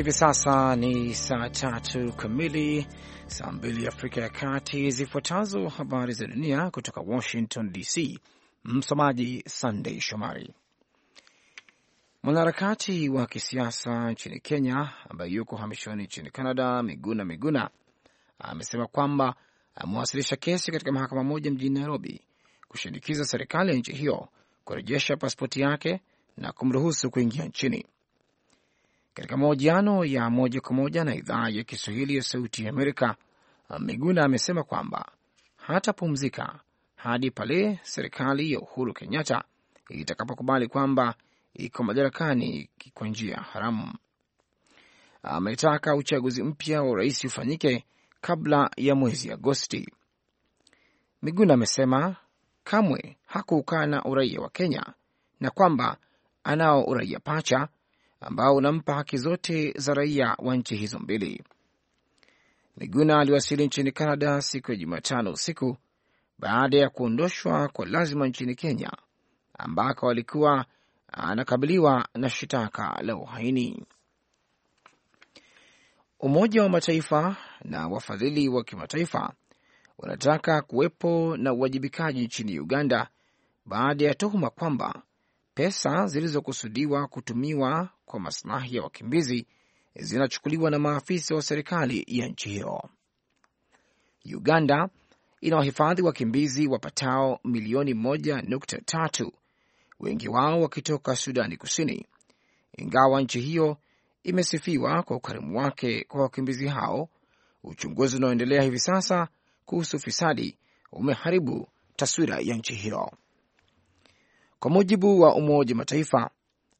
Hivi sasa ni saa tatu kamili, saa mbili Afrika ya Kati. Zifuatazo habari za dunia kutoka Washington DC. Msomaji Sandei Shomari. Mwanaharakati wa kisiasa nchini Kenya ambaye yuko hamishoni nchini Canada, Miguna Miguna amesema kwamba amewasilisha kesi katika mahakama moja mjini Nairobi kushinikiza serikali ya nchi hiyo kurejesha pasipoti yake na kumruhusu kuingia nchini. Katika mahojiano ya moja kwa moja na idhaa ya Kiswahili ya Sauti ya Amerika, Miguna amesema kwamba hatapumzika hadi pale serikali ya Uhuru Kenyatta itakapokubali kwamba iko madarakani kwa njia haramu. Ametaka uchaguzi mpya wa urais ufanyike kabla ya mwezi Agosti. Miguna amesema kamwe hakuukana uraia wa Kenya na kwamba anao uraia pacha ambao unampa haki zote za raia wa nchi hizo mbili. Miguna aliwasili nchini Canada siku ya Jumatano usiku baada ya kuondoshwa kwa lazima nchini Kenya ambako alikuwa anakabiliwa na shitaka la uhaini. Umoja wa Mataifa na wafadhili wa kimataifa wanataka kuwepo na uwajibikaji nchini Uganda baada ya tuhuma kwamba Pesa zilizokusudiwa kutumiwa kwa maslahi ya wakimbizi zinachukuliwa na maafisa wa serikali ya nchi hiyo. Uganda ina wahifadhi wakimbizi wapatao milioni moja nukta tatu, wengi wao wakitoka Sudani Kusini, ingawa nchi hiyo imesifiwa kwa ukarimu wake kwa wakimbizi hao. Uchunguzi unaoendelea hivi sasa kuhusu fisadi umeharibu taswira ya nchi hiyo. Kwa mujibu wa Umoja Mataifa,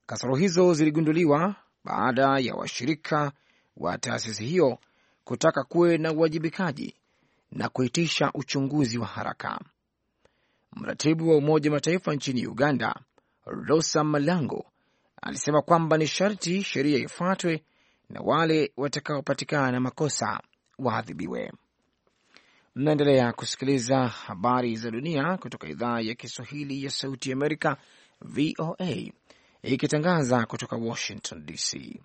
kasoro hizo ziligunduliwa baada ya washirika wa taasisi hiyo kutaka kuwe na uwajibikaji na kuitisha uchunguzi wa haraka. Mratibu wa Umoja Mataifa nchini Uganda, Rosa Malango, alisema kwamba ni sharti sheria ifuatwe na wale watakaopatikana na makosa waadhibiwe. Mnaendelea kusikiliza habari za dunia kutoka idhaa ya Kiswahili ya Sauti ya Amerika, VOA, ikitangaza kutoka Washington DC.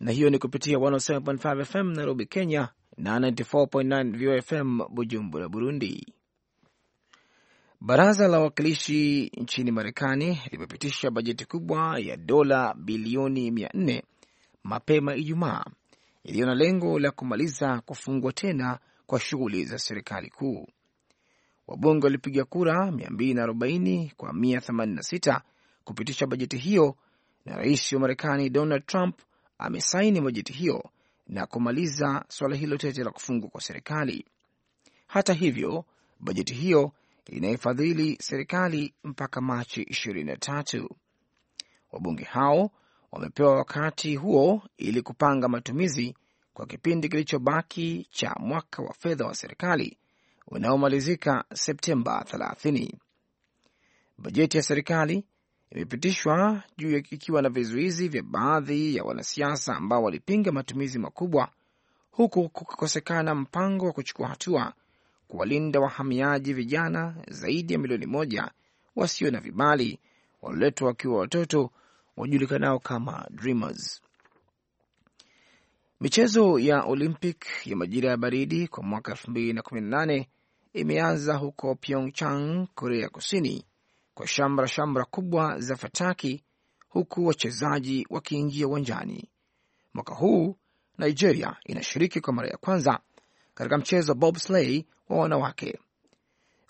Na hiyo ni kupitia 107.5 FM Nairobi, Kenya na 94.9 VOFM Bujumbura, Burundi. Baraza la Wawakilishi nchini Marekani limepitisha bajeti kubwa ya dola bilioni 400 mapema Ijumaa iliyo na lengo la kumaliza kufungwa tena kwa shughuli za serikali kuu. Wabunge walipiga kura 240 kwa 186 kupitisha bajeti hiyo, na rais wa Marekani Donald Trump amesaini bajeti hiyo na kumaliza suala hilo tete la kufungwa kwa serikali. Hata hivyo, bajeti hiyo inaifadhili serikali mpaka Machi 23. Wabunge hao wamepewa wakati huo ili kupanga matumizi kwa kipindi kilichobaki cha mwaka wa fedha wa serikali unaomalizika Septemba 30. Bajeti ya serikali imepitishwa juu ikiwa na vizuizi vya baadhi ya wanasiasa ambao walipinga matumizi makubwa, huku kukikosekana mpango wa kuchukua hatua kuwalinda wahamiaji vijana zaidi ya milioni moja wasio na vibali walioletwa wakiwa watoto wajulikanao kama Dreamers. Michezo ya Olympic ya majira ya baridi kwa mwaka 2018 imeanza huko Pyeongchang, Korea Kusini, kwa shamra shamra kubwa za fataki, huku wachezaji wakiingia uwanjani. Mwaka huu Nigeria inashiriki kwa mara ya kwanza katika mchezo wa bobsleigh wa wanawake.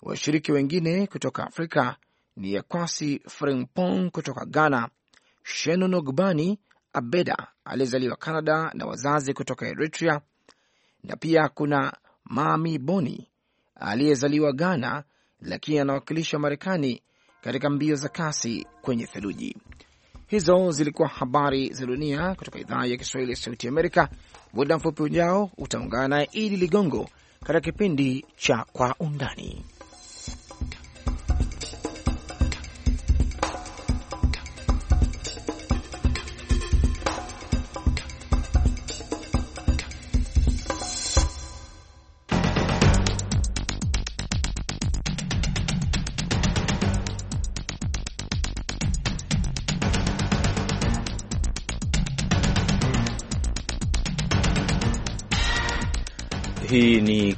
Washiriki wengine kutoka Afrika ni Yakwasi Frimpong kutoka Ghana Shenonogbani Abeda aliyezaliwa Canada na wazazi kutoka Eritrea, na pia kuna Mami Boni aliyezaliwa Ghana lakini anawakilisha Marekani katika mbio za kasi kwenye theluji. Hizo zilikuwa habari za dunia kutoka idhaa ya Kiswahili ya Sauti Amerika. Muda mfupi ujao utaungana naye Idi Ligongo katika kipindi cha Kwa Undani.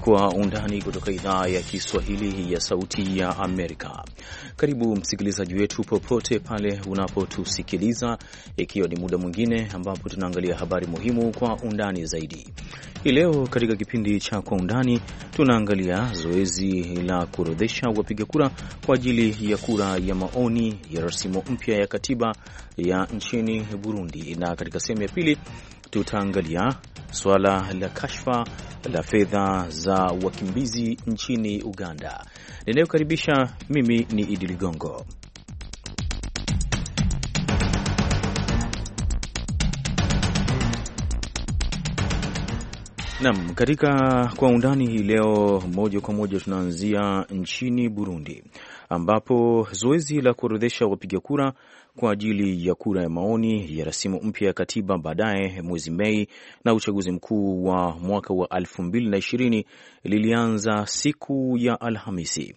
kwa undani kutoka idhaa ya Kiswahili ya Sauti ya Amerika. Karibu msikilizaji wetu popote pale unapotusikiliza, ikiwa ni muda mwingine ambapo tunaangalia habari muhimu kwa undani zaidi. Hii leo katika kipindi cha kwa undani tunaangalia zoezi la kuorodhesha wapiga kura kwa ajili ya kura ya maoni ya rasimu mpya ya katiba ya nchini Burundi, na katika sehemu ya pili tutaangalia suala la kashfa la fedha za wakimbizi nchini Uganda. Ninayokaribisha mimi ni Idi Ligongo. Nam, katika kwa undani hii leo, moja kwa moja tunaanzia nchini Burundi ambapo zoezi la kuorodhesha wapiga kura kwa ajili ya kura ya maoni ya rasimu mpya ya katiba baadaye mwezi Mei, na uchaguzi mkuu wa mwaka wa 2020 lilianza siku ya Alhamisi.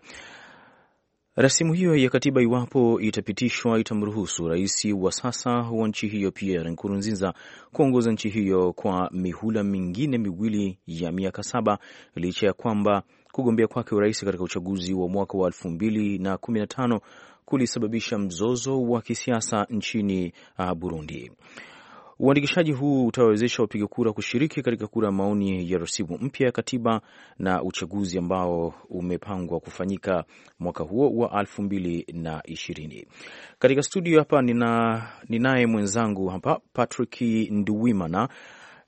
Rasimu hiyo ya katiba, iwapo itapitishwa, itamruhusu rais wa sasa wa nchi hiyo Pierre Nkurunziza kuongoza nchi hiyo kwa mihula mingine miwili ya miaka saba, licha ya kwamba kugombea kwake urais katika uchaguzi wa mwaka wa elfu mbili na kumi na tano kulisababisha mzozo wa kisiasa nchini uh, Burundi. Uandikishaji huu utawawezesha wapiga kura kushiriki katika kura ya maoni ya rasimu mpya ya katiba na uchaguzi ambao umepangwa kufanyika mwaka huo wa elfu mbili na ishirini. Katika studio hapa nina ninaye mwenzangu hapa Patrick Nduwimana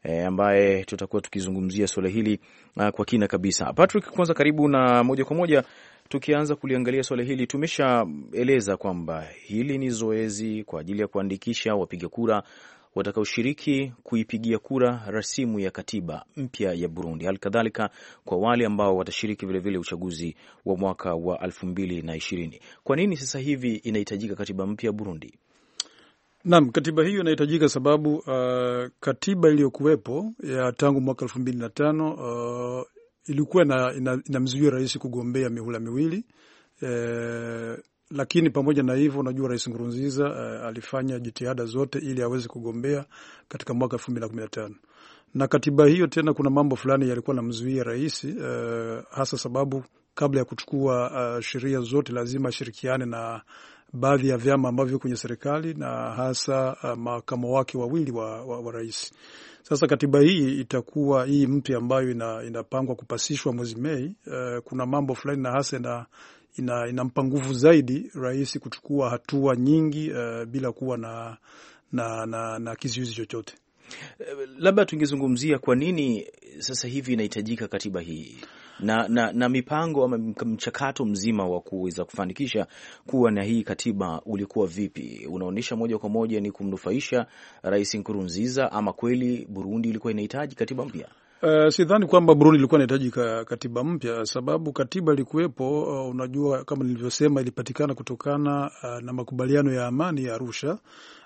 e, ambaye tutakuwa tukizungumzia suala hili uh, kwa kina kabisa. Patrick, kwanza karibu, na moja kwa moja tukianza kuliangalia swala hili, tumeshaeleza kwamba hili ni zoezi kwa ajili ya kuandikisha wapiga kura watakaoshiriki kuipigia kura rasimu ya katiba mpya ya Burundi, halikadhalika kadhalika kwa wale ambao watashiriki vilevile vile uchaguzi wa mwaka wa elfu mbili na ishirini. Kwa nini sasa hivi inahitajika katiba mpya ya Burundi? Naam, katiba hiyo inahitajika sababu uh, katiba iliyokuwepo ya tangu mwaka elfu mbili na tano uh, ilikuwa inamzuia ina, ina rais kugombea mihula miwili e, lakini pamoja na hivyo unajua rais Nkurunziza uh, alifanya jitihada zote ili aweze kugombea katika mwaka elfu mbili na kumi na tano na katiba hiyo. Tena kuna mambo fulani yalikuwa namzuia rais uh, hasa sababu kabla ya kuchukua uh, sheria zote lazima ashirikiane na baadhi ya vyama ambavyo kwenye serikali na hasa uh, makamo wake wawili wa, wa, wa rais sasa katiba hii itakuwa hii mpya ambayo inapangwa kupasishwa mwezi Mei. Uh, kuna mambo fulani na hasa na ina, inampa nguvu zaidi rais kuchukua hatua nyingi uh, bila kuwa na, na, na, na kizuizi chochote. Eh, labda tungezungumzia kwa nini sasa hivi inahitajika katiba hii na, na, na mipango ama mchakato mzima wa kuweza kufanikisha kuwa na hii katiba ulikuwa vipi? Unaonyesha moja kwa moja ni kumnufaisha Rais Nkurunziza ama kweli Burundi ilikuwa inahitaji katiba mpya? Uh, sidhani kwamba Burundi ilikuwa inahitaji katiba mpya, sababu katiba ilikuwepo. Uh, unajua kama nilivyosema, ilipatikana kutokana uh, na makubaliano ya amani ya Arusha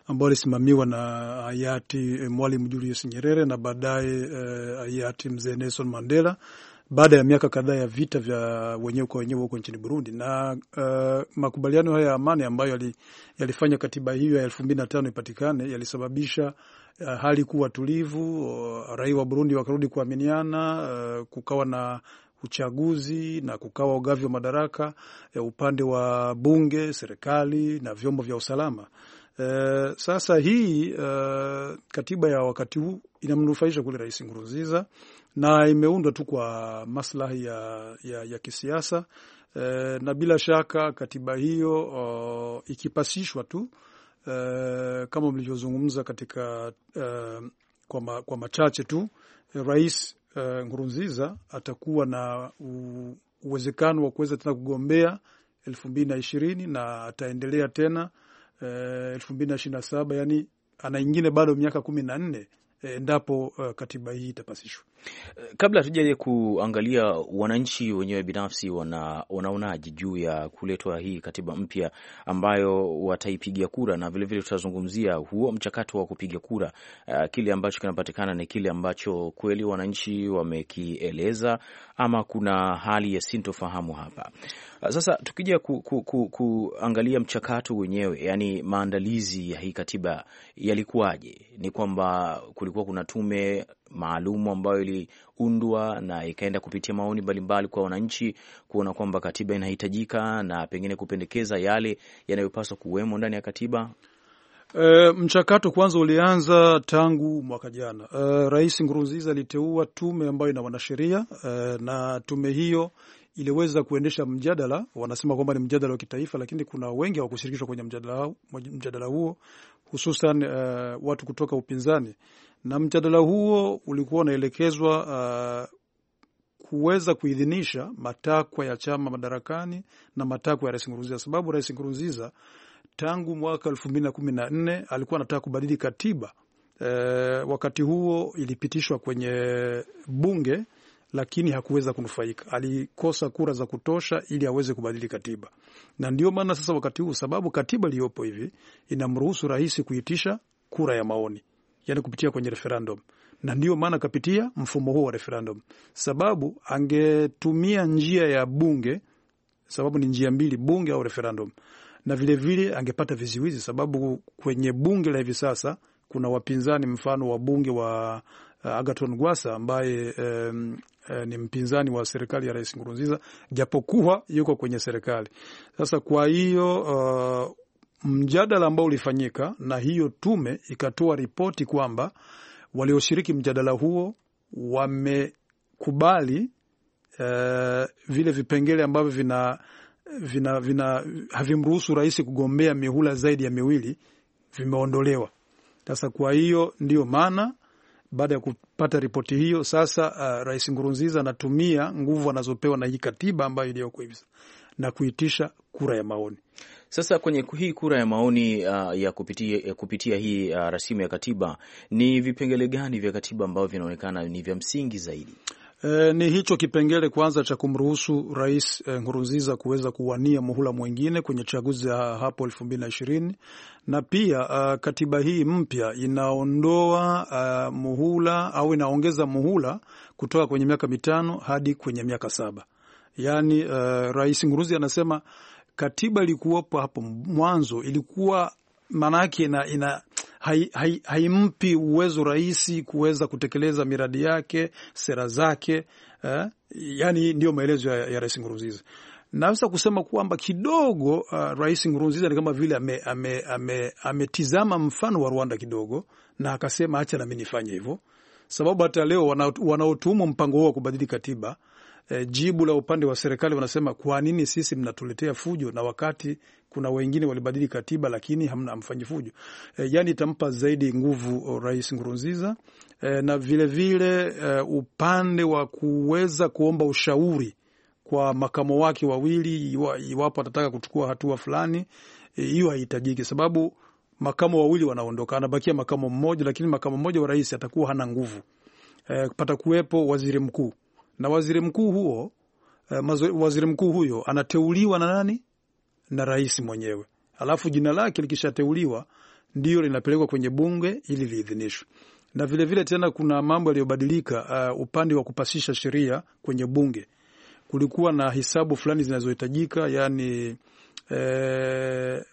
ambayo alisimamiwa na hayati eh, Mwalimu Julius Nyerere na baadaye uh, hayati mzee Nelson Mandela baada ya miaka kadhaa ya vita vya wenyewe kwa wenyewe huko nchini Burundi na uh, makubaliano haya ya amani ambayo yali, yalifanya katiba hiyo ya elfu mbili na tano ipatikane yalisababisha uh, hali kuwa tulivu. Uh, raia wa Burundi wakarudi kuaminiana, uh, kukawa na uchaguzi na kukawa ugavi wa madaraka ya upande wa bunge, serikali na vyombo vya usalama. Uh, sasa hii uh, katiba ya wakati huu inamnufaisha kule Rais Nkurunziza na imeundwa tu kwa maslahi ya, ya, ya kisiasa e, na bila shaka katiba hiyo o, oh, ikipasishwa tu e, kama mlivyozungumza katika e, kwa, ma, kwa machache tu e, Rais e, Nkurunziza atakuwa na u, uwezekano wa kuweza tena kugombea elfu mbili na ishirini na ataendelea tena elfu mbili na ishirini na saba yani ana ingine bado miaka kumi na nne Eh, endapo uh, katiba hii itapasishwa. Kabla hatujaje kuangalia wananchi wenyewe binafsi wana, wanaonaje juu ya kuletwa hii katiba mpya ambayo wataipigia kura, na vilevile tutazungumzia huo mchakato wa kupiga kura. Uh, kile ambacho kinapatikana ni kile ambacho kweli wananchi wamekieleza ama kuna hali ya sintofahamu hapa. Uh, sasa tukija ku, ku, ku, kuangalia mchakato wenyewe, yani maandalizi ya hii katiba yalikuwaje? Ni kwamba kulikuwa kuna tume maalum ambayo iliundwa na ikaenda kupitia maoni mbalimbali kwa wananchi kuona kwamba katiba inahitajika na pengine kupendekeza yale yanayopaswa kuwemo ndani ya katiba. E, mchakato kwanza ulianza tangu mwaka jana. E, Rais Nkurunziza aliteua tume ambayo ina wanasheria e, na tume hiyo iliweza kuendesha mjadala. Wanasema kwamba ni mjadala wa kitaifa, lakini kuna wengi hawakushirikishwa kwenye mjadala, mjadala huo hususan uh, watu kutoka upinzani, na mjadala huo ulikuwa unaelekezwa uh, kuweza kuidhinisha matakwa ya chama madarakani na matakwa ya Rais Nkurunziza, sababu Rais Nkurunziza tangu mwaka elfu mbili na kumi na nne alikuwa anataka kubadili katiba. E, wakati huo ilipitishwa kwenye bunge lakini hakuweza kunufaika. Alikosa kura za kutosha ili aweze kubadili katiba, na ndio maana sasa wakati huu, sababu katiba iliyopo hivi inamruhusu rais kuitisha kura ya maoni, yani kupitia kwenye referendum, na ndio maana akapitia mfumo huo wa referendum, sababu angetumia njia ya bunge, sababu ni njia mbili, bunge au referendum, na vilevile vile angepata viziwizi, sababu kwenye bunge la hivi sasa kuna wapinzani, mfano wa bunge wa uh, Agaton Gwasa ambaye um, eh, ni mpinzani wa serikali ya Rais Nkurunziza, japokuwa yuko kwenye serikali sasa. Kwa hiyo uh, mjadala ambao ulifanyika na hiyo tume ikatoa ripoti kwamba walioshiriki mjadala huo wamekubali uh, vile vipengele ambavyo vina, vina, vina havimruhusu rais kugombea mihula zaidi ya miwili vimeondolewa. Sasa kwa hiyo ndiyo maana baada ya kupata ripoti hiyo, sasa uh, Rais Ngurunziza anatumia nguvu anazopewa na hii katiba ambayo iliyoko hivi na kuitisha kura ya maoni. Sasa kwenye hii kura ya maoni uh, ya kupitia, kupitia hii uh, rasimu ya katiba, ni vipengele gani vya katiba ambavyo vinaonekana ni vya msingi zaidi? E, ni hicho kipengele kwanza cha kumruhusu Rais e, Nkurunziza kuweza kuwania muhula mwingine kwenye chaguzi za hapo elfu mbili na ishirini na pia a, eh, katiba hii mpya inaondoa a, muhula au inaongeza muhula kutoka kwenye miaka mitano hadi kwenye miaka saba. Yaani Rais Nkurunziza anasema katiba ilikuwapo hapo mwanzo ilikuwa maana ina, ina haimpi hai, hai uwezo rahisi kuweza kutekeleza miradi yake, sera zake eh? Yani ndiyo maelezo ya, ya Rais Nkurunziza. Naweza kusema kwamba kidogo uh, Rais Nkurunziza ni kama vile ametizama ame, ame, ame mfano wa Rwanda kidogo, na akasema acha nami nifanye hivyo, sababu hata leo wanaotumwa mpango huo wa kubadili katiba Eh, jibu la upande wa serikali wanasema, kwa nini sisi mnatuletea fujo na wakati kuna wengine walibadili katiba lakini hamna mfanyi fujo e, yani itampa zaidi nguvu oh, Rais Nkurunziza e, na vilevile vile, e, upande wa kuweza kuomba ushauri kwa makamo wake wawili iwapo atataka kuchukua hatua fulani hiyo e, haihitajiki sababu makamo wawili wanaondoka, anabakia makamo mmoja, lakini makamo mmoja wa rais atakuwa hana nguvu e, patakuwepo waziri mkuu na waziri mkuu huo eh, waziri mkuu huyo anateuliwa na nani? Na rais mwenyewe. Alafu jina lake likishateuliwa ndio linapelekwa kwenye bunge ili liidhinishwe. Na vilevile vile tena kuna mambo yaliyobadilika uh, upande wa kupasisha sheria kwenye bunge. Kulikuwa na hisabu fulani zinazohitajika, yani e, eh,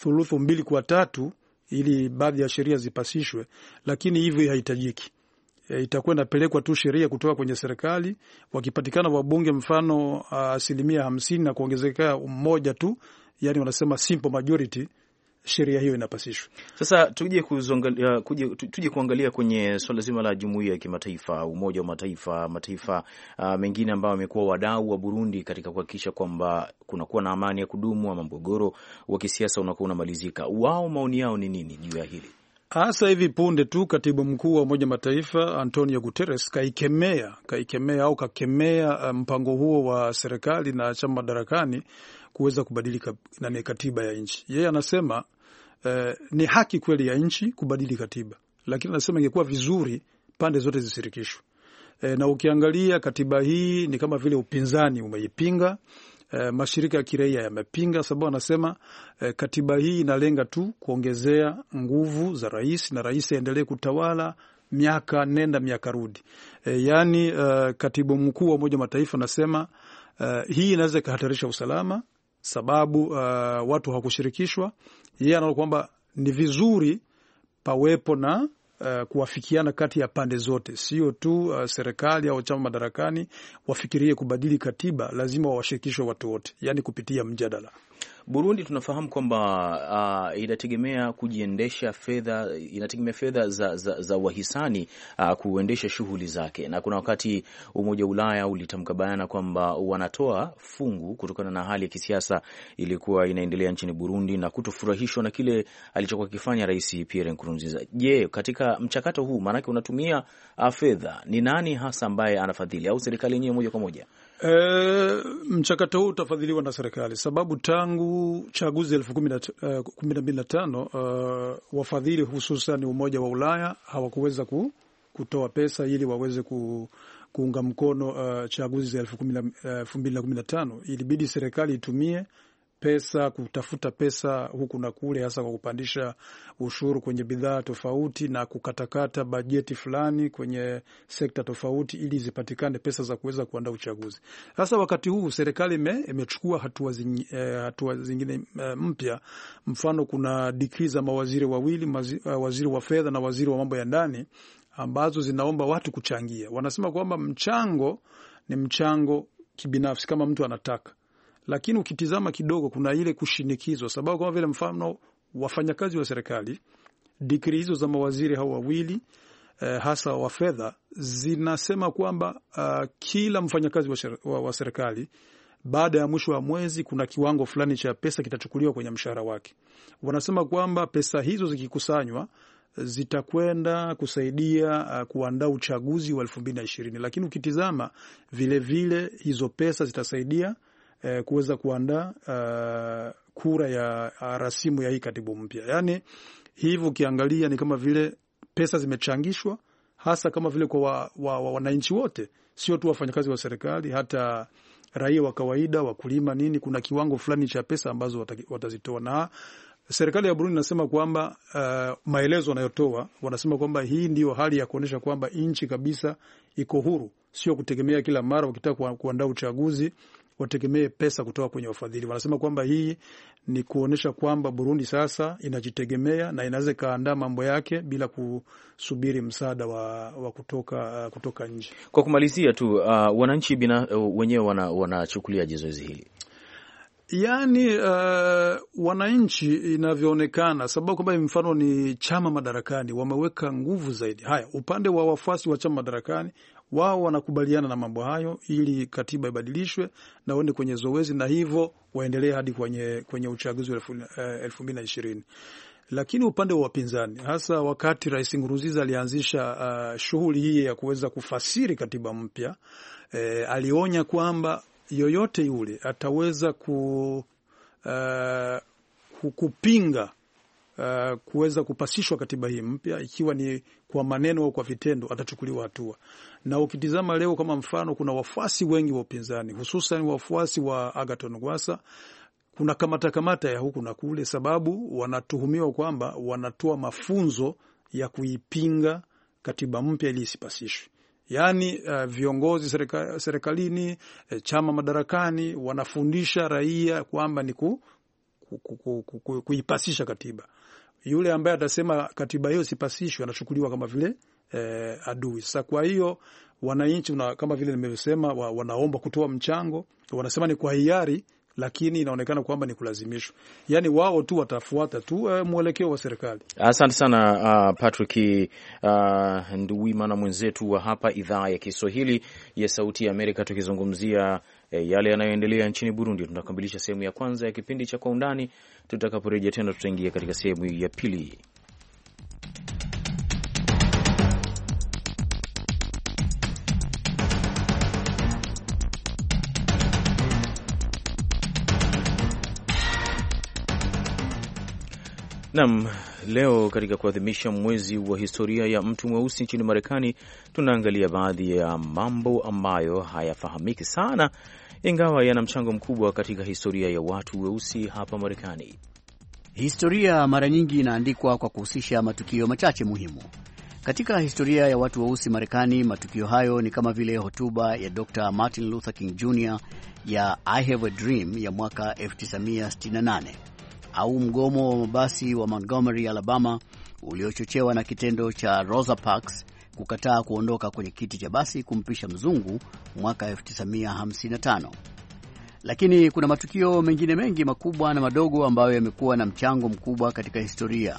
thuluthu mbili kwa tatu ili baadhi ya sheria zipasishwe, lakini hivyo haihitajiki e, itakuwa inapelekwa tu sheria kutoka kwenye serikali. Wakipatikana wabunge mfano ah, asilimia hamsini na kuongezeka mmoja tu, yani wanasema simple majority sheria hiyo inapasishwa. Sasa tuje kuzangalia, ah, tuje kuangalia kwenye swala zima la jumuiya ya kimataifa, Umoja wa Mataifa, mataifa uh, mengine ambayo amekuwa wadau wa Burundi katika kuhakikisha kwamba kunakuwa na amani ya kudumu ama mgogoro wa kisiasa unakuwa unamalizika. Wao maoni yao ni nini juu ya hili? Hasa hivi punde tu katibu mkuu wa Umoja Mataifa Antonio Guterres kaikemea kaikemea au kakemea eh, mpango huo wa serikali na chama madarakani kuweza kubadilika nani katiba ya nchi. Yeye anasema eh, ni haki kweli ya nchi kubadili katiba, lakini anasema ingekuwa vizuri pande zote zishirikishwe. Eh, na ukiangalia katiba hii ni kama vile upinzani umeipinga eh, mashirika ya kiraia yamepinga, sababu anasema eh, katiba hii inalenga tu kuongezea nguvu za rais na rais aendelee kutawala miaka nenda miaka rudi. E, yaani eh, katibu mkuu wa Umoja wa Mataifa anasema eh, hii inaweza ikahatarisha usalama sababu eh, watu hawakushirikishwa. Yeye anaona kwamba ni vizuri pawepo na uh, kuwafikiana kati ya pande zote, sio tu uh, serikali au chama madarakani. Wafikirie kubadili katiba, lazima wawashirikishwe watu wote, yani kupitia mjadala. Burundi tunafahamu kwamba uh, inategemea kujiendesha fedha, inategemea fedha za, za, za wahisani uh, kuendesha shughuli zake, na kuna wakati Umoja wa Ulaya ulitamka bayana kwamba wanatoa fungu kutokana na hali ya kisiasa ilikuwa inaendelea nchini Burundi na kutofurahishwa na kile alichokuwa kifanya Rais Pierre Nkurunziza. Je, katika mchakato huu maanake unatumia uh, fedha, ni nani hasa ambaye anafadhili au serikali yenyewe moja kwa moja? E, mchakato huu utafadhiliwa na serikali sababu tangu chaguzi elfu kumi na eh, mbili na tano uh, wafadhili hususan Umoja wa Ulaya hawakuweza ku, kutoa pesa ili waweze ku, kuunga mkono uh, chaguzi za elfu mbili na kumi na tano ilibidi serikali itumie pesa, kutafuta pesa huku na kule, hasa kwa kupandisha ushuru kwenye bidhaa tofauti na kukatakata bajeti fulani kwenye sekta tofauti, ili zipatikane pesa za kuweza kuandaa uchaguzi. Sasa wakati huu serikali imechukua hatua zingine, eh, hatua zingine eh, mpya. Mfano, kuna dikri za mawaziri wawili, eh, waziri wa fedha na waziri wa mambo ya ndani, ambazo zinaomba watu kuchangia. Wanasema kwamba mchango ni mchango kibinafsi, kama mtu anataka lakini ukitizama kidogo, kuna ile kushinikizwa, sababu kama vile mfano wafanyakazi wa serikali, dikri hizo za mawaziri hao wawili eh, hasa wa fedha zinasema kwamba uh, kila mfanyakazi wa, wa, wa serikali baada ya mwisho wa mwezi kuna kiwango fulani cha pesa kitachukuliwa kwenye mshahara wake. Wanasema kwamba pesa hizo zikikusanywa zitakwenda kusaidia uh, kuandaa uchaguzi wa elfu mbili na ishirini, lakini ukitizama vilevile hizo pesa zitasaidia eh, kuweza kuandaa uh, kura ya ah, rasimu ya hii katibu mpya. Yani hivyo ukiangalia ni kama vile pesa zimechangishwa hasa kama vile kwa wa, wa, wa, wananchi wote, sio tu wafanyakazi wa serikali, hata raia wa kawaida, wakulima, nini. Kuna kiwango fulani cha pesa ambazo watazitoa, na serikali ya Burundi inasema kwamba uh, maelezo wanayotoa wanasema kwamba hii ndiyo hali ya kuonyesha kwamba nchi kabisa iko huru, sio kutegemea kila mara wakitaka kuandaa uchaguzi wategemee pesa kutoka kwenye wafadhili. Wanasema kwamba hii ni kuonyesha kwamba Burundi sasa inajitegemea na inaweza ikaandaa mambo yake bila kusubiri msaada wa, wa kutoka, uh, kutoka nje. Kwa kumalizia tu uh, wananchi bina uh, wenyewe wanachukuliaje wana zoezi hili? Yaani uh, wananchi inavyoonekana, sababu kwamba mfano ni chama madarakani wameweka nguvu zaidi. Haya, upande wa wafuasi wa chama madarakani wao wanakubaliana na mambo hayo ili katiba ibadilishwe na waende kwenye zoezi na hivyo waendelee hadi kwenye, kwenye uchaguzi wa elfu, eh, elfu mbili na ishirini. Lakini upande wa wapinzani hasa wakati Rais Nkurunziza alianzisha uh, shughuli hii ya kuweza kufasiri katiba mpya eh, alionya kwamba yoyote yule ataweza ku, uh, kupinga uh, kuweza kupasishwa katiba hii mpya, ikiwa ni kwa maneno au kwa vitendo, atachukuliwa hatua. Na ukitizama leo kama mfano, kuna wafuasi wengi wa upinzani, hususan wafuasi wa Agaton Gwasa kuna kamata kamata ya huku na kule, sababu wanatuhumiwa kwamba wanatoa mafunzo ya kuipinga katiba mpya ili isipasishwe. Yaani uh, viongozi serika, serikalini eh, chama madarakani wanafundisha raia kwamba ni ku, ku, ku, ku, ku, kuipasisha katiba yule ambaye atasema katiba hiyo sipasishwe anachukuliwa kama vile eh, adui. Sasa kwa hiyo wananchi kama vile nimesema, wa, wanaomba kutoa mchango, wanasema ni kwa hiari, lakini inaonekana kwamba ni kulazimishwa, yaani wao tu watafuata tu eh, mwelekeo wa serikali. Asante sana uh, Patrick uh, Nduwimana mwenzetu wa hapa idhaa ya Kiswahili ya Sauti ya Amerika tukizungumzia eh, yale yanayoendelea nchini Burundi. Tunakamilisha sehemu ya kwanza ya kipindi cha Kwa Undani. Tutakaporejea tena, tutaingia katika sehemu ya pili. Nam, Leo katika kuadhimisha mwezi wa historia ya mtu mweusi nchini Marekani, tunaangalia baadhi ya mambo ambayo hayafahamiki sana, ingawa yana mchango mkubwa katika historia ya watu weusi hapa Marekani. Historia mara nyingi inaandikwa kwa kuhusisha matukio machache muhimu katika historia ya watu weusi Marekani. Matukio hayo ni kama vile hotuba ya Dr Martin Luther King Jr ya I Have a Dream ya mwaka 1968 au mgomo wa mabasi wa Montgomery, Alabama, uliochochewa na kitendo cha Rosa Parks kukataa kuondoka kwenye kiti cha basi kumpisha mzungu mwaka 1955. Lakini kuna matukio mengine mengi makubwa na madogo ambayo yamekuwa na mchango mkubwa katika historia.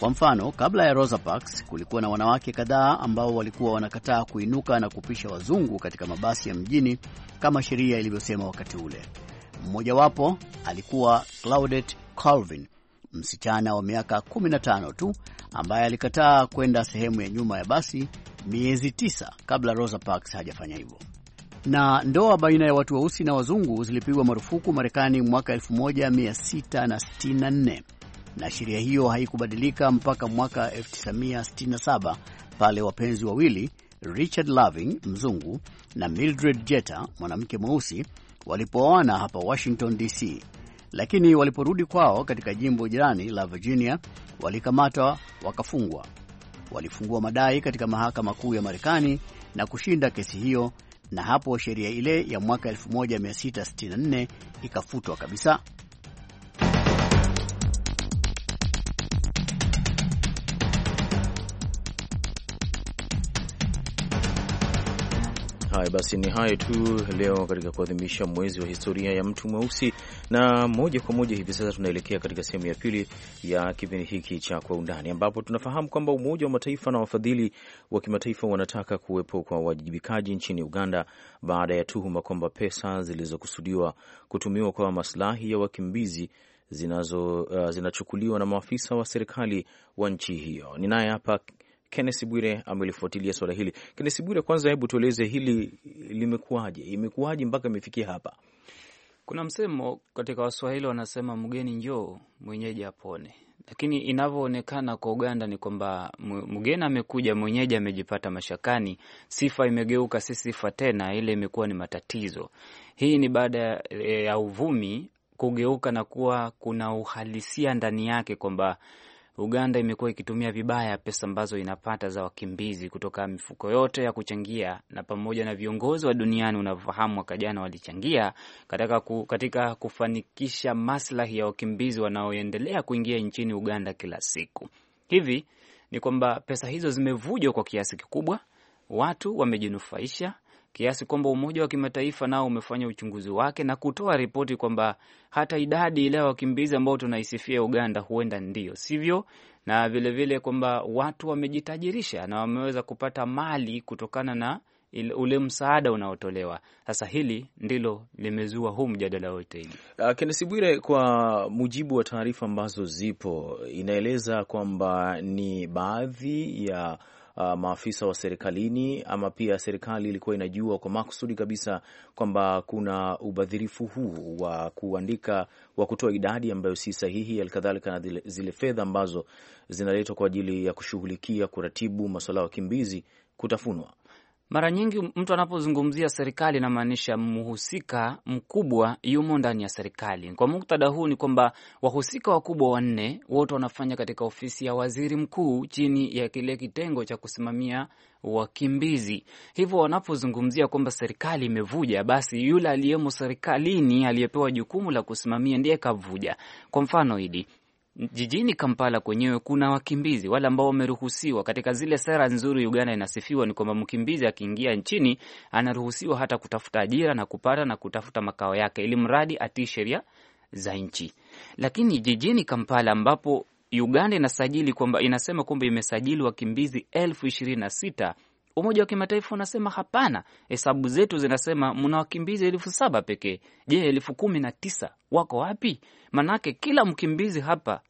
Kwa mfano, kabla ya Rosa Parks kulikuwa na wanawake kadhaa ambao walikuwa wanakataa kuinuka na kupisha wazungu katika mabasi ya mjini kama sheria ilivyosema wakati ule. Mmojawapo alikuwa Claudette Calvin, msichana wa miaka 15 tu ambaye alikataa kwenda sehemu ya nyuma ya basi miezi tisa kabla Rosa Parks hajafanya hivyo. Na ndoa baina ya watu weusi na wazungu zilipigwa marufuku Marekani mwaka 1664 na sheria hiyo haikubadilika mpaka mwaka 1967 pale wapenzi wawili Richard Loving mzungu na Mildred Jeter mwanamke mweusi walipooana hapa Washington DC lakini waliporudi kwao katika jimbo jirani la Virginia walikamatwa wakafungwa. Walifungua madai katika mahakama kuu ya Marekani na kushinda kesi hiyo, na hapo sheria ile ya mwaka 1664 ikafutwa kabisa. Haya basi, ni hayo tu leo katika kuadhimisha mwezi wa historia ya mtu mweusi, na moja kwa moja hivi sasa tunaelekea katika sehemu ya pili ya kipindi hiki cha Kwa Undani, ambapo tunafahamu kwamba Umoja wa Mataifa na wafadhili wa kimataifa wanataka kuwepo kwa uwajibikaji nchini Uganda baada ya tuhuma kwamba pesa zilizokusudiwa kutumiwa kwa masilahi ya wakimbizi zinazo, uh, zinachukuliwa na maafisa wa serikali wa nchi hiyo. Ninaye hapa Kenneth Bwire amelifuatilia swala hili. Kenneth Bwire, kwanza hebu tueleze hili limekuwaje, imekuwaje mpaka imefikia hapa? Kuna msemo katika Waswahili wanasema mgeni njoo, mwenyeji apone, lakini inavyoonekana kwa Uganda ni kwamba mgeni amekuja, mwenyeji amejipata mashakani. Sifa imegeuka si sifa tena, ile imekuwa ni matatizo. Hii ni baada ya uvumi kugeuka na kuwa kuna uhalisia ndani yake kwamba Uganda imekuwa ikitumia vibaya pesa ambazo inapata za wakimbizi kutoka mifuko yote ya kuchangia, na pamoja na viongozi wa duniani, unavyofahamu, mwaka jana walichangia katika, ku, katika kufanikisha maslahi ya wakimbizi wanaoendelea kuingia nchini Uganda kila siku. Hivi ni kwamba pesa hizo zimevujwa kwa kiasi kikubwa, watu wamejinufaisha kiasi kwamba Umoja wa Kimataifa nao umefanya uchunguzi wake na kutoa ripoti kwamba hata idadi ile ya wakimbizi ambao tunaisifia Uganda huenda ndio sivyo, na vilevile kwamba watu wamejitajirisha na wameweza kupata mali kutokana na ule msaada unaotolewa. Sasa hili ndilo limezua huu mjadala wote hili. Uh, Kenesi Bwire, kwa mujibu wa taarifa ambazo zipo, inaeleza kwamba ni baadhi ya uh, maafisa wa serikalini ama pia serikali ilikuwa inajua kwa makusudi kabisa kwamba kuna ubadhirifu huu wa kuandika wa kutoa idadi ambayo si sahihi, alikadhalika na zile fedha ambazo zinaletwa kwa ajili ya kushughulikia kuratibu masuala ya wakimbizi kutafunwa. Mara nyingi mtu anapozungumzia serikali inamaanisha mhusika mkubwa yumo ndani ya serikali. Kwa muktadha huu ni kwamba wahusika wakubwa wanne wote wanafanya katika ofisi ya waziri mkuu chini ya kile kitengo cha kusimamia wakimbizi. Hivyo wanapozungumzia kwamba serikali imevuja, basi yule aliyemo serikalini aliyepewa jukumu la kusimamia ndiye kavuja. Kwa mfano, Idi jijini Kampala kwenyewe kuna wakimbizi wale ambao wameruhusiwa. Katika zile sera nzuri Uganda inasifiwa ni kwamba mkimbizi akiingia nchini anaruhusiwa hata kutafuta ajira na kupata na kutafuta makao yake, ili mradi atii sheria za nchi. Lakini jijini Kampala ambapo Uganda inasajili kwamba inasema kwamba imesajili wakimbizi elfu ishirini na sita Umoja wa Kimataifa unasema hapana, hesabu zetu zinasema mna wakimbizi elfu saba pekee. Je, elfu kumi na tisa wako wapi? Manake kila mkimbizi hapa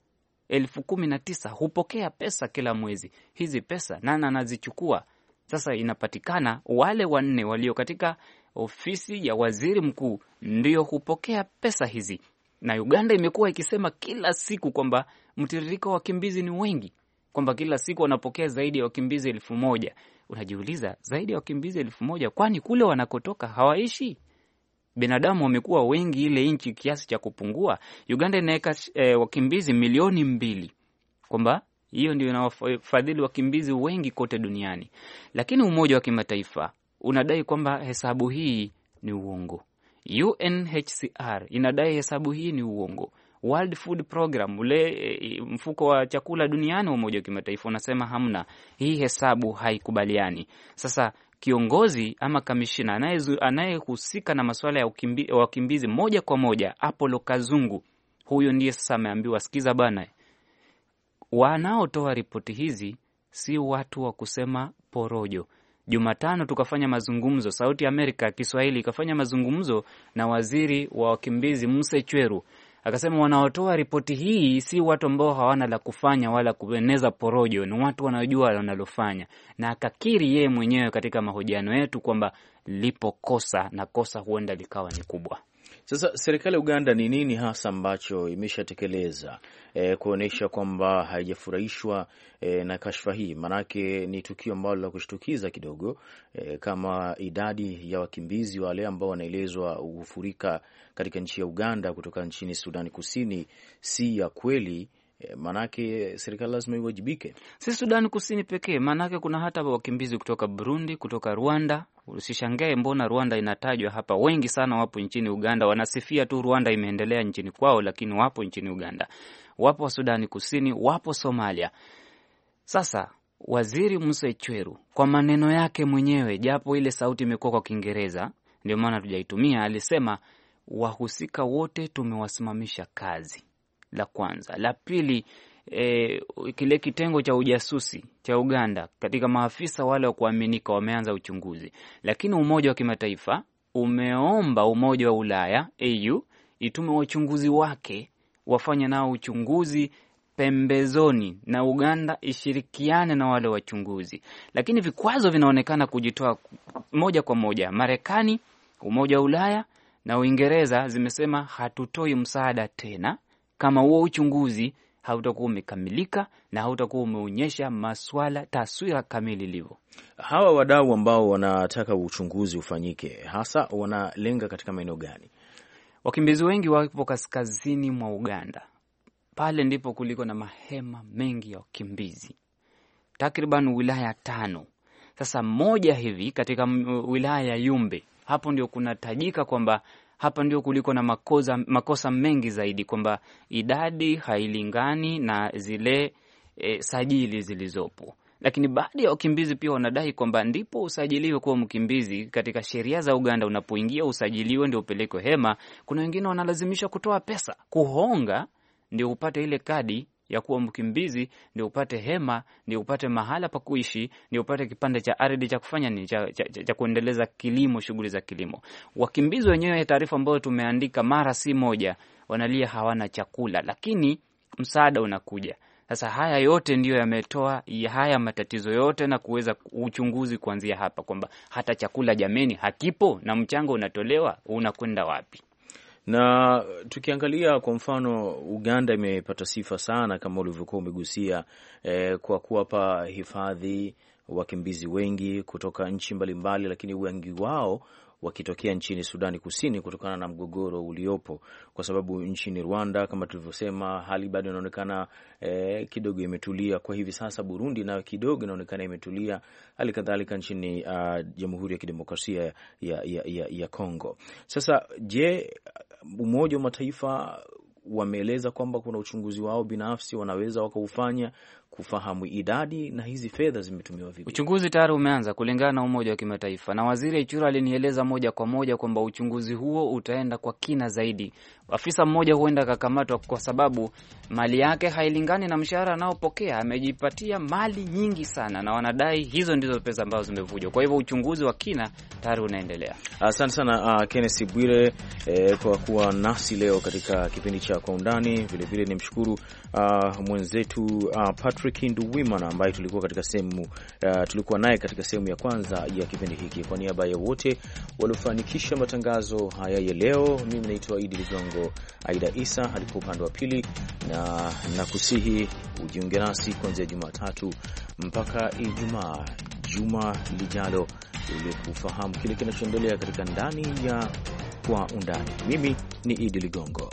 elfu kumi na tisa hupokea pesa kila mwezi. Hizi pesa nani anazichukua? Sasa inapatikana wale wanne walio katika ofisi ya waziri mkuu ndio hupokea pesa hizi, na Uganda imekuwa ikisema kila siku kwamba mtiririko wa wakimbizi ni wengi, kwamba kila siku wanapokea zaidi ya wakimbizi elfu moja. Unajiuliza, zaidi ya wakimbizi elfu moja, kwani kule wanakotoka hawaishi? binadamu wamekuwa wengi ile nchi kiasi cha kupungua. Uganda inaweka e, wakimbizi milioni mbili kwamba hiyo ndio inawafadhili wakimbizi wengi kote duniani, lakini Umoja wa Kimataifa unadai kwamba hesabu hii ni uongo. UNHCR inadai hesabu hii ni uongo. World Food Program, ule eh, mfuko wa chakula duniani wa Umoja wa Kimataifa, unasema hamna, hii hesabu haikubaliani. Sasa kiongozi ama kamishina anayehusika na masuala ya ukimbi, wakimbizi moja kwa moja Apollo Kazungu, huyo ndiye sasa ameambiwa, sikiza bana, wanaotoa ripoti hizi si watu wa kusema porojo. Jumatano tukafanya mazungumzo, Sauti ya Amerika Kiswahili ikafanya mazungumzo na waziri wa wakimbizi mse Chweru Akasema wanaotoa ripoti hii si watu ambao hawana la kufanya wala kueneza porojo, ni watu wanaojua wanalofanya, na akakiri yeye mwenyewe katika mahojiano yetu kwamba lipo kosa na kosa huenda likawa ni kubwa. Sasa serikali ya Uganda ni nini hasa ambacho imeshatekeleza e, eh, kuonyesha kwamba haijafurahishwa e, na kashfa hii? Maanake ni tukio ambalo la kushtukiza kidogo e, kama idadi ya wakimbizi wale ambao wanaelezwa hufurika katika nchi ya Uganda kutoka nchini Sudani Kusini si ya kweli Eh, maanake serikali lazima iwajibike. Si Sudani Kusini pekee, maanake kuna hata wakimbizi kutoka Burundi, kutoka Rwanda. Usishangae mbona Rwanda inatajwa hapa. Wengi sana wapo nchini Uganda, wanasifia tu Rwanda imeendelea nchini kwao, lakini wapo nchini Uganda, wapo wa Sudani Kusini, wapo Somalia. Sasa Waziri Musa Echweru kwa maneno yake mwenyewe, japo ile sauti imekuwa kwa Kiingereza, ndio maana tujaitumia, alisema wahusika wote tumewasimamisha kazi la kwanza. La pili E, kile kitengo cha ujasusi cha Uganda katika maafisa wale wa kuaminika wameanza uchunguzi, lakini Umoja wa Kimataifa umeomba Umoja wa Ulaya AU itume wachunguzi wake wafanye nao uchunguzi pembezoni na Uganda ishirikiane na wale wachunguzi, lakini vikwazo vinaonekana kujitoa moja kwa moja. Marekani, Umoja wa Ulaya na Uingereza zimesema hatutoi msaada tena kama huo uchunguzi hautakuwa umekamilika na hautakuwa umeonyesha maswala taswira kamili ilivyo. Hawa wadau ambao wanataka uchunguzi ufanyike hasa wanalenga katika maeneo gani? Wakimbizi wengi wapo kaskazini mwa Uganda, pale ndipo kuliko na mahema mengi ya wakimbizi takriban wilaya tano. Sasa moja hivi katika wilaya ya Yumbe, hapo ndio kunatajika kwamba hapa ndio kuliko na makosa, makosa mengi zaidi kwamba idadi hailingani na zile e, sajili zilizopo. Lakini baadhi ya wakimbizi pia wanadai kwamba ndipo usajiliwe kuwa mkimbizi katika sheria za Uganda, unapoingia usajiliwe ndio upelekwe hema. Kuna wengine wanalazimishwa kutoa pesa, kuhonga ndio upate ile kadi ya kuwa mkimbizi ndio upate hema, ndio upate mahala pa kuishi, ndio upate kipande cha ardhi cha kufanya ni cha, cha, cha, cha kuendeleza kilimo, shughuli za kilimo. Wakimbizi wenyewe, taarifa ambayo tumeandika mara si moja, wanalia hawana chakula, lakini msaada unakuja. Sasa haya yote ndiyo yametoa ya haya matatizo yote na kuweza uchunguzi kuanzia hapa kwamba hata chakula jameni hakipo, na mchango unatolewa, unakwenda wapi? Na tukiangalia kwa mfano, Uganda imepata sifa sana kama ulivyokuwa umegusia eh, kwa kuwapa hifadhi wakimbizi wengi kutoka nchi mbalimbali, lakini wengi wao wakitokea nchini Sudani Kusini kutokana na mgogoro uliopo, kwa sababu nchini Rwanda kama tulivyosema, hali bado inaonekana eh, kidogo imetulia kwa hivi sasa. Burundi nayo kidogo inaonekana imetulia, hali kadhalika nchini uh, Jamhuri ya Kidemokrasia ya, ya, ya, ya Kongo. Sasa je, Umoja wa Mataifa wameeleza kwamba kuna uchunguzi wao binafsi wanaweza wakaufanya kufahamu idadi na hizi fedha zimetumiwa vipi. Uchunguzi tayari umeanza kulingana na Umoja wa Kimataifa, na Waziri Ichura alinieleza moja kwa moja kwamba uchunguzi huo utaenda kwa kina zaidi. Afisa mmoja huenda akakamatwa kwa sababu mali yake hailingani na mshahara anaopokea. Amejipatia mali nyingi sana, na wanadai hizo ndizo pesa ambazo zimevujwa. Kwa hivyo uchunguzi wa kina tayari unaendelea. Asante sana uh, Kenneth Bwire eh, kwa kuwa nasi leo katika kipindi cha Kwa Undani. Vilevile nimshukuru uh, mwenzetu uh, Patrick Nduwimana ambaye tulikuwa katika sehemu uh, tulikuwa naye katika sehemu ya kwanza ya kipindi hiki. Kwa niaba ya wote waliofanikisha matangazo haya ya leo, mimi naitwa Idi Ligongo. Aida Isa alikuwa upande wa pili, na nakusihi ujiunge nasi kuanzia Jumatatu mpaka Ijumaa juma lijalo, ili kufahamu kile kinachoendelea katika ndani ya kwa undani. Mimi ni Idi Ligongo.